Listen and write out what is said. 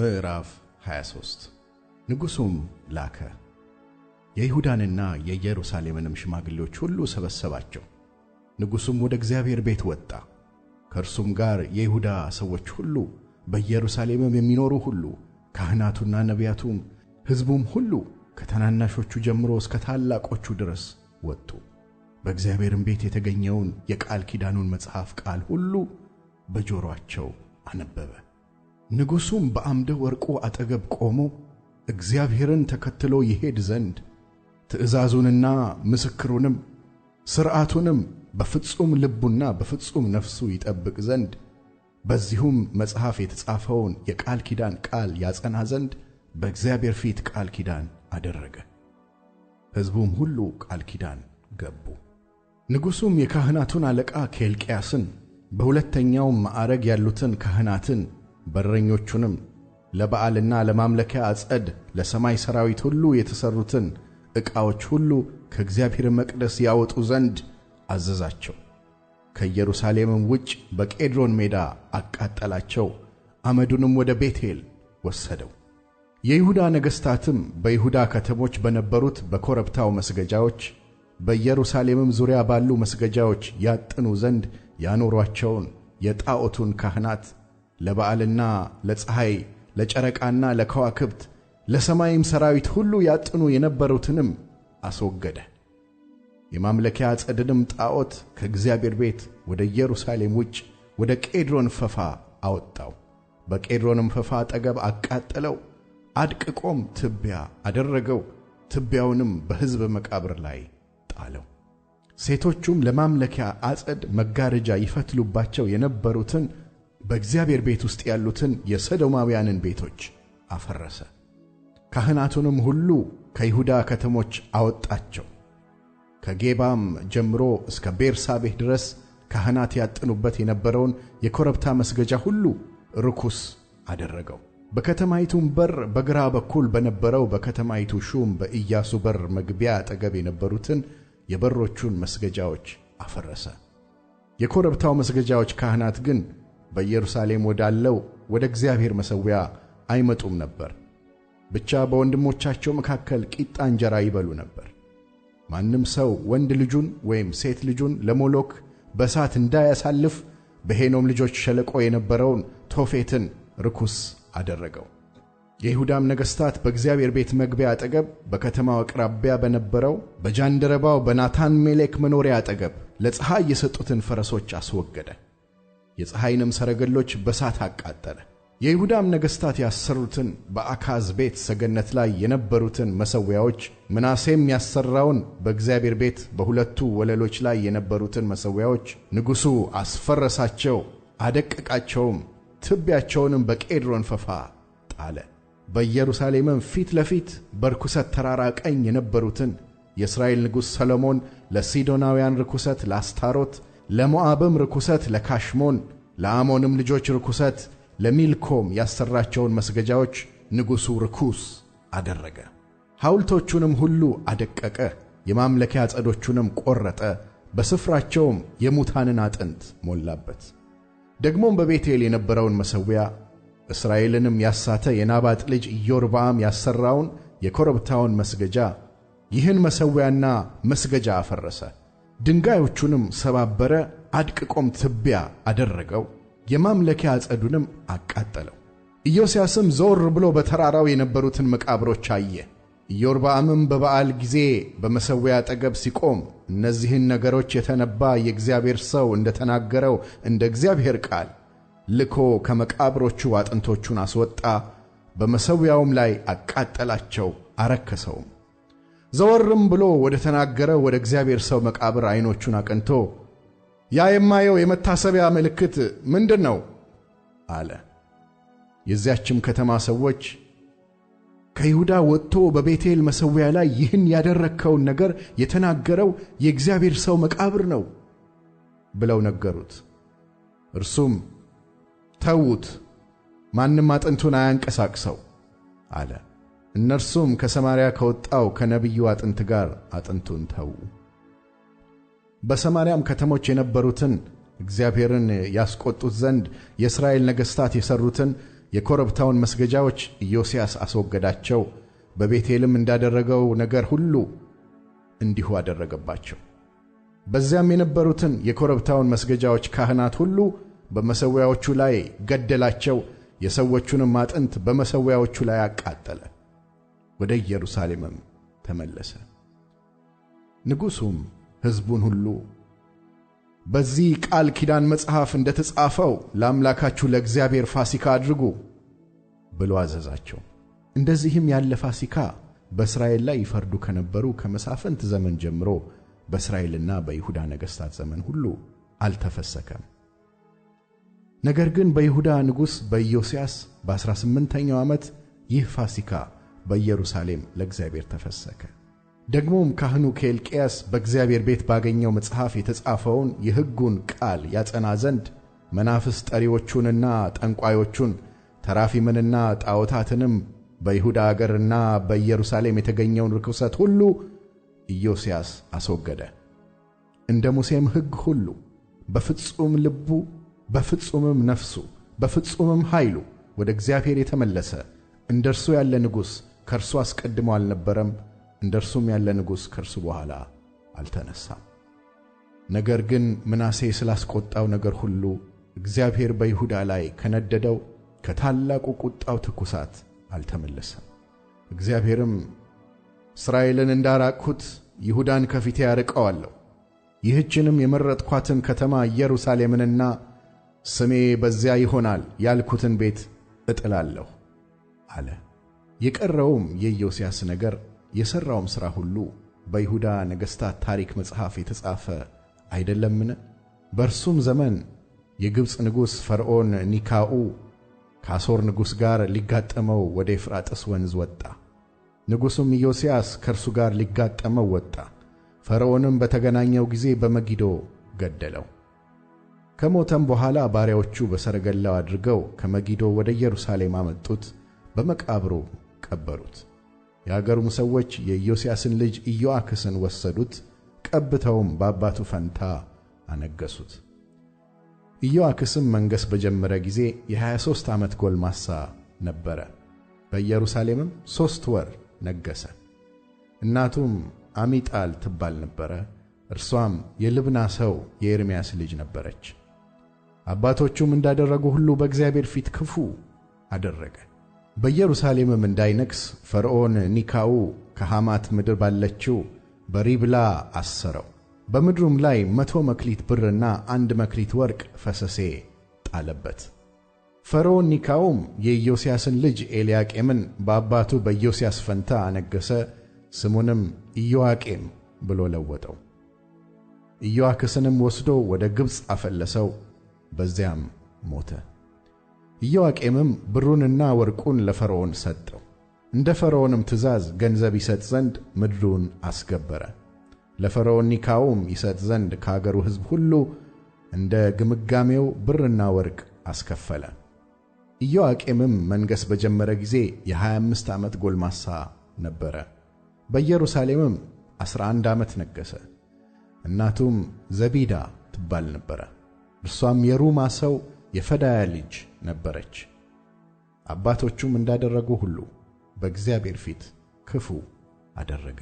ምዕራፍ 23 ንጉሡም ላከ፣ የይሁዳንና የኢየሩሳሌምንም ሽማግሌዎች ሁሉ ሰበሰባቸው። ንጉሡም ወደ እግዚአብሔር ቤት ወጣ፤ ከእርሱም ጋር የይሁዳ ሰዎች ሁሉ፣ በኢየሩሳሌምም የሚኖሩ ሁሉ፣ ካህናቱና ነቢያቱም፣ ሕዝቡም ሁሉ ከታናናሾቹ ጀምሮ እስከ ታላቆቹ ድረስ ወጡ። በእግዚአብሔርም ቤት የተገኘውን የቃል ኪዳኑን መጽሐፍ ቃል ሁሉ በጆሮአቸው አነበበ። ንጉሡም በአምደ ወርቁ አጠገብ ቆሞ እግዚአብሔርን ተከትሎ ይሄድ ዘንድ ትእዛዙንና ምስክሩንም ሥርዓቱንም በፍጹም ልቡና በፍጹም ነፍሱ ይጠብቅ ዘንድ በዚሁም መጽሐፍ የተጻፈውን የቃል ኪዳን ቃል ያጸና ዘንድ በእግዚአብሔር ፊት ቃል ኪዳን አደረገ። ሕዝቡም ሁሉ ቃል ኪዳን ገቡ። ንጉሡም የካህናቱን አለቃ ኬልቅያስን፣ በሁለተኛውም ማዕረግ ያሉትን ካህናትን በረኞቹንም ለበዓልና ለማምለኪያ አጸድ ለሰማይ ሠራዊት ሁሉ የተሠሩትን ዕቃዎች ሁሉ ከእግዚአብሔር መቅደስ ያወጡ ዘንድ አዘዛቸው። ከኢየሩሳሌምም ውጭ በቄድሮን ሜዳ አቃጠላቸው፣ አመዱንም ወደ ቤቴል ወሰደው። የይሁዳ ነገሥታትም በይሁዳ ከተሞች በነበሩት በኮረብታው መስገጃዎች በኢየሩሳሌምም ዙሪያ ባሉ መስገጃዎች ያጥኑ ዘንድ ያኖሯቸውን የጣዖቱን ካህናት ለበዓልና ለፀሐይ ለጨረቃና ለከዋክብት ለሰማይም ሠራዊት ሁሉ ያጥኑ የነበሩትንም አስወገደ። የማምለኪያ ጸድንም ጣዖት ከእግዚአብሔር ቤት ወደ ኢየሩሳሌም ውጭ ወደ ቄድሮን ፈፋ አወጣው። በቄድሮንም ፈፋ አጠገብ አቃጠለው፣ አድቅቆም ትቢያ አደረገው። ትቢያውንም በሕዝብ መቃብር ላይ ጣለው። ሴቶቹም ለማምለኪያ አጸድ መጋረጃ ይፈትሉባቸው የነበሩትን በእግዚአብሔር ቤት ውስጥ ያሉትን የሰዶማውያንን ቤቶች አፈረሰ። ካህናቱንም ሁሉ ከይሁዳ ከተሞች አወጣቸው። ከጌባም ጀምሮ እስከ ቤርሳቤህ ድረስ ካህናት ያጥኑበት የነበረውን የኮረብታ መስገጃ ሁሉ ርኩስ አደረገው። በከተማይቱም በር በግራ በኩል በነበረው በከተማይቱ ሹም በኢያሱ በር መግቢያ አጠገብ የነበሩትን የበሮቹን መስገጃዎች አፈረሰ። የኮረብታው መስገጃዎች ካህናት ግን በኢየሩሳሌም ወዳለው ወደ እግዚአብሔር መሠዊያ አይመጡም ነበር። ብቻ በወንድሞቻቸው መካከል ቂጣ እንጀራ ይበሉ ነበር። ማንም ሰው ወንድ ልጁን ወይም ሴት ልጁን ለሞሎክ በእሳት እንዳያሳልፍ በሄኖም ልጆች ሸለቆ የነበረውን ቶፌትን ርኩስ አደረገው። የይሁዳም ነገሥታት በእግዚአብሔር ቤት መግቢያ አጠገብ በከተማው አቅራቢያ በነበረው በጃንደረባው በናታን ሜሌክ መኖሪያ አጠገብ ለፀሐይ የሰጡትን ፈረሶች አስወገደ። የፀሐይንም ሰረገሎች በሳት አቃጠለ። የይሁዳም ነገሥታት ያሰሩትን በአካዝ ቤት ሰገነት ላይ የነበሩትን መሠዊያዎች፣ ምናሴም ያሠራውን በእግዚአብሔር ቤት በሁለቱ ወለሎች ላይ የነበሩትን መሠዊያዎች ንጉሡ አስፈረሳቸው፣ አደቀቃቸውም። ትቢያቸውንም በቄድሮን ፈፋ ጣለ። በኢየሩሳሌምም ፊት ለፊት በርኩሰት ተራራ ቀኝ የነበሩትን የእስራኤል ንጉሥ ሰሎሞን ለሲዶናውያን ርኩሰት፣ ለአስታሮት ለሞዓብም ርኩሰት፣ ለካሽሞን ለአሞንም ልጆች ርኩሰት፣ ለሚልኮም ያሠራቸውን መስገጃዎች ንጉሡ ርኩስ አደረገ። ሐውልቶቹንም ሁሉ አደቀቀ፣ የማምለኪያ ጸዶቹንም ቈረጠ፣ በስፍራቸውም የሙታንን አጥንት ሞላበት። ደግሞም በቤቴል የነበረውን መሠዊያ እስራኤልንም ያሳተ የናባጥ ልጅ ኢዮርብዓም ያሠራውን የኮረብታውን መስገጃ ይህን መሠዊያና መስገጃ አፈረሰ። ድንጋዮቹንም ሰባበረ፣ አድቅቆም ትቢያ አደረገው፣ የማምለኪያ አጸዱንም አቃጠለው። ኢዮስያስም ዘወር ብሎ በተራራው የነበሩትን መቃብሮች አየ። ኢዮርብዓምም በበዓል ጊዜ በመሠዊያ አጠገብ ሲቆም እነዚህን ነገሮች የተነባ የእግዚአብሔር ሰው እንደተናገረው እንደ እግዚአብሔር ቃል ልኮ ከመቃብሮቹ አጥንቶቹን አስወጣ፣ በመሠዊያውም ላይ አቃጠላቸው፣ አረከሰውም። ዘወርም ብሎ ወደ ተናገረ ወደ እግዚአብሔር ሰው መቃብር ዐይኖቹን አቅንቶ ያ የማየው የመታሰቢያ ምልክት ምንድን ነው? አለ። የዚያችም ከተማ ሰዎች ከይሁዳ ወጥቶ በቤቴል መሠዊያ ላይ ይህን ያደረግከውን ነገር የተናገረው የእግዚአብሔር ሰው መቃብር ነው ብለው ነገሩት። እርሱም ተዉት፣ ማንም አጥንቱን አያንቀሳቅሰው አለ። እነርሱም ከሰማርያ ከወጣው ከነቢዩ አጥንት ጋር አጥንቱን ተዉ። በሰማርያም ከተሞች የነበሩትን እግዚአብሔርን ያስቈጡት ዘንድ የእስራኤል ነገሥታት የሠሩትን የኮረብታውን መስገጃዎች ኢዮስያስ አስወገዳቸው። በቤቴልም እንዳደረገው ነገር ሁሉ እንዲሁ አደረገባቸው። በዚያም የነበሩትን የኮረብታውን መስገጃዎች ካህናት ሁሉ በመሠዊያዎቹ ላይ ገደላቸው። የሰዎቹንም አጥንት በመሠዊያዎቹ ላይ አቃጠለ። ወደ ኢየሩሳሌምም ተመለሰ። ንጉሡም ሕዝቡን ሁሉ በዚህ ቃል ኪዳን መጽሐፍ እንደ ተጻፈው ለአምላካችሁ ለእግዚአብሔር ፋሲካ አድርጉ ብሎ አዘዛቸው። እንደዚህም ያለ ፋሲካ በእስራኤል ላይ ይፈርዱ ከነበሩ ከመሳፍንት ዘመን ጀምሮ በእስራኤልና በይሁዳ ነገሥታት ዘመን ሁሉ አልተፈሰከም። ነገር ግን በይሁዳ ንጉሥ በኢዮስያስ በ18ኛው ዓመት ይህ ፋሲካ በኢየሩሳሌም ለእግዚአብሔር ተፈሰከ። ደግሞም ካህኑ ኬልቅያስ በእግዚአብሔር ቤት ባገኘው መጽሐፍ የተጻፈውን የሕጉን ቃል ያጸና ዘንድ መናፍስ ጠሪዎቹንና ጠንቋዮቹን ተራፊምንና ጣዖታትንም በይሁዳ አገርና በኢየሩሳሌም የተገኘውን ርኩሰት ሁሉ ኢዮስያስ አስወገደ። እንደ ሙሴም ሕግ ሁሉ በፍጹም ልቡ በፍጹምም ነፍሱ በፍጹምም ኃይሉ ወደ እግዚአብሔር የተመለሰ እንደ እርሱ ያለ ንጉሥ ከእርሱ አስቀድሞ አልነበረም፣ እንደ እርሱም ያለ ንጉሥ ከእርሱ በኋላ አልተነሳም። ነገር ግን ምናሴ ስላስቆጣው ነገር ሁሉ እግዚአብሔር በይሁዳ ላይ ከነደደው ከታላቁ ቁጣው ትኩሳት አልተመለሰም። እግዚአብሔርም እስራኤልን እንዳራቅሁት ይሁዳን ከፊቴ ያርቀዋለሁ፣ ይህችንም የመረጥኳትን ከተማ ኢየሩሳሌምንና ስሜ በዚያ ይሆናል ያልኩትን ቤት እጥላለሁ አለ። የቀረውም የኢዮስያስ ነገር የሠራውም ሥራ ሁሉ በይሁዳ ነገሥታት ታሪክ መጽሐፍ የተጻፈ አይደለምን? በእርሱም ዘመን የግብፅ ንጉሥ ፈርዖን ኒካኡ ከአሦር ንጉሥ ጋር ሊጋጠመው ወደ ኤፍራጥስ ወንዝ ወጣ። ንጉሡም ኢዮስያስ ከእርሱ ጋር ሊጋጠመው ወጣ። ፈርዖንም በተገናኘው ጊዜ በመጊዶ ገደለው። ከሞተም በኋላ ባሪያዎቹ በሰረገላው አድርገው ከመጊዶ ወደ ኢየሩሳሌም አመጡት፣ በመቃብሩ ቀበሩት። የአገሩም ሰዎች የኢዮስያስን ልጅ ኢዮአክስን ወሰዱት፣ ቀብተውም በአባቱ ፈንታ አነገሱት። ኢዮአክስም መንገሥ በጀመረ ጊዜ የ23 ዓመት ጎልማሳ ነበረ። በኢየሩሳሌምም ሦስት ወር ነገሠ። እናቱም አሚጣል ትባል ነበረ። እርሷም የልብና ሰው የኤርምያስ ልጅ ነበረች። አባቶቹም እንዳደረጉ ሁሉ በእግዚአብሔር ፊት ክፉ አደረገ። በኢየሩሳሌምም እንዳይነግሥ ፈርዖን ኒካው ከሐማት ምድር ባለችው በሪብላ አሰረው። በምድሩም ላይ መቶ መክሊት ብርና አንድ መክሊት ወርቅ ፈሰሴ ጣለበት። ፈርዖን ኒካውም የኢዮስያስን ልጅ ኤልያቄምን በአባቱ በኢዮስያስ ፈንታ አነገሰ ስሙንም ኢዮአቄም ብሎ ለወጠው። ኢዮአክስንም ወስዶ ወደ ግብፅ አፈለሰው፣ በዚያም ሞተ። ኢዮአቄምም ብሩንና ወርቁን ለፈርዖን ሰጠው። እንደ ፈርዖንም ትእዛዝ ገንዘብ ይሰጥ ዘንድ ምድሩን አስገበረ። ለፈርዖን ኒካውም ይሰጥ ዘንድ ከአገሩ ሕዝብ ሁሉ እንደ ግምጋሜው ብርና ወርቅ አስከፈለ። ኢዮአቄምም መንገሥ በጀመረ ጊዜ የ25 ዓመት ጎልማሳ ነበረ። በኢየሩሳሌምም 11 ዓመት ነገሠ። እናቱም ዘቢዳ ትባል ነበረ። እርሷም የሩማ ሰው የፈዳያ ልጅ ነበረች። አባቶቹም እንዳደረጉ ሁሉ በእግዚአብሔር ፊት ክፉ አደረገ።